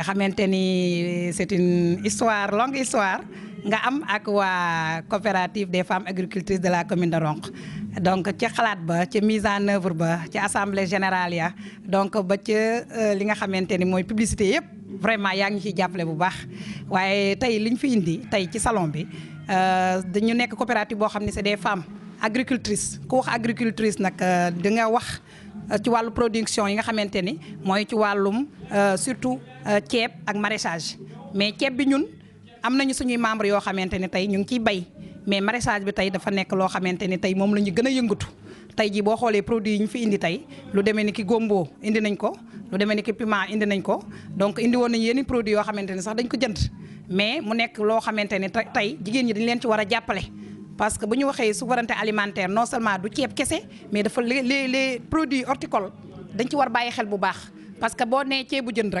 Euh, c'est une histoire longue histoire nga am ak coopérative des femmes agricultrices de la commune de Ronkh donc ci xalaat mise en œuvre ba ci assemblée générale ya donc ba ci euh, li nga publicité vraiment yaa ngi bu baax salon bi euh, coopérative des femmes agricultrices ku wax agricultrice euh, ci walu production yi nga xamante ni mooy ci wàllum euh, surtout euh, ceeb ak maraîchage mais ceeb bi ñun am nañu suñuy membre yoo xamante ni tey ñu ngi ciy bay mais maraîchage bi tey dafa nekk loo xamante ni tey moom la ñu gën a yëngatu tey jii boo xoolee produit yi ñu fi indi tey lu demee ni ki gombo indi nañ ko lu demee ni ki piment indi nañ ko donc indi woon nañ yeneen produit yoo xamante ni sax dañ ko jënd mais mu nekk loo xamante ni tey jigéen ñi dañ leen ci war a jàppale parce que si nous avons souveraineté alimentaire, non seulement du Kiev Kessé, mais les, les, les produits horticoles, nous devons faire des choses. Parce que si nous avons des choses,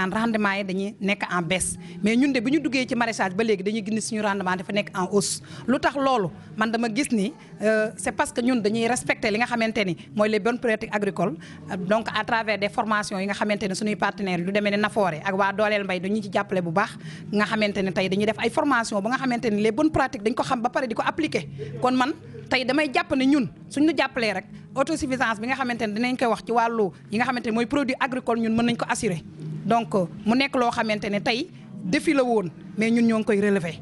naan rendement yi dañuy nekk en baisse mais ñun de bi ñu duggee ci maraîchage ba léegi dañuy gis suñu rendement dafa nekk en hausse lu tax loolu man dama gis ni euh, c'est parce que ñun dañuy respecter li nga xamante ni mooy les bonnes pratiques agricoles donc à travers des formations yi nga xamante ne suñuy partenaires lu demee ne Nafoore ak waa dooleel mbay dañuy ci jàppale bu baax nga xamante ne tey dañuy def ay formations ba nga xamante ni les bonnes pratiques dañ ko xam ba pare di ko appliquer kon man tey damay jàpp ne ñun suñ ñu jàppalee rek autosuffisance bi nga xamante ne dinañ koy wax ci wàllu yi nga xamante ne mooy produit agricole ñun mën nañ ko assurer donc euh, mu nek lo xamantene tay défi la won mais ñun ñong koy relever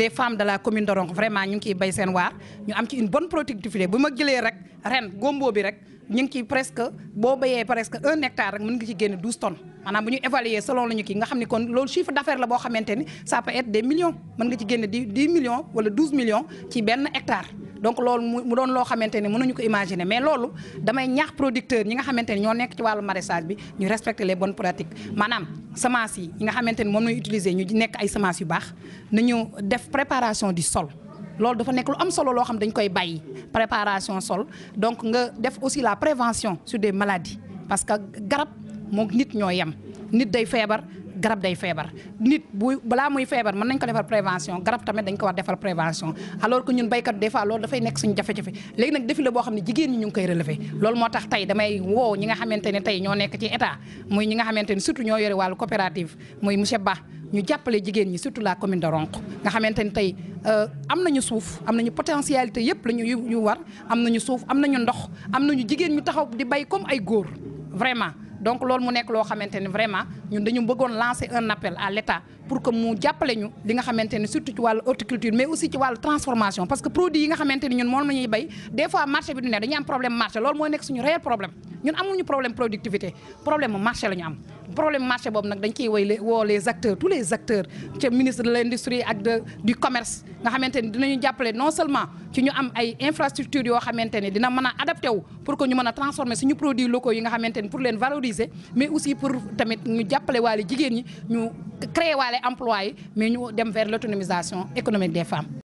les femmes de la commune de vraiment ñu ngi ciy bay sen waar ñu am ci une bonne productivité bu ma jëlee rek ren gombo bi rek ñu ngi ciy presque bo bayé presque un hectare rek mën nga ci génne 12 tonnes Manam bu ñu évaluer selon la ñu kii nga xamni kon lool chiffre d'affaires la bo xamantene ça peut être des millions mën nga ci génne 10 millions wala 12 millions ci ben hectare donc loolu mu doon loo xamante ne mënuñu ko imaginer mais loolu damay ñaax producteur ñi nga xamanteni ño nek ci walu maraîchage bi ñu respecter les bonnes pratiques manam semence yi nga xamanteni mom moom utiliser ñu nek ay semence yu bax nañu def préparation du sol loolu dafa nek lu am solo lo xam dañ koy bàyyi préparation sol donc nga def aussi la prévention sur des maladies parce que garab moog nit ñoo yam nit day fièvre. garab day feebar nit bu balaa muy feebar mën nañ ko defar prévention garab tamit dañ ko war defal prévention alors que ñun béykat des fois loolu dafay nekk suñu jafe-jafe léegi nag défi la boo xam ne jigéen ñi ñu ngi koy relever loolu moo tax tey damay woo ñi nga xamante ne tey ñoo nekk ci état muy ñi xamante ne surtout ñoo yore wàllu coopérative muy monsieur Ba ñu jàppale jigéen ñi surtout la commune de Ronk nga xamante ni tey euh, am nañu suuf am nañu potentialité yëpp la ñu yu war am nañu suuf am nañu ndox am na ñu jigéen ñu taxaw di bay comme ay góor vraiment donc ce que nous vraiment Nous dañu lancer un appel à l'État pour que nous appelions ñu li nga surtout horticulture mais aussi ci la transformation parce que pour yi nga nous ni ñun moom des fois marché bi du ne am problème marché loolu réel problème ñun un problème productivité problème de marché lañu problème am problème marché pour dañ les acteurs tous les acteurs le ministre de l'Industrie du commerce nga avons non seulement ci ñu am ay infrastructure nous adapté pour que nous puissions transformer nos produits locaux pour les valoriser mais aussi pour tamit ñu créer des emplois mais nous dem vers l'autonomisation économique des femmes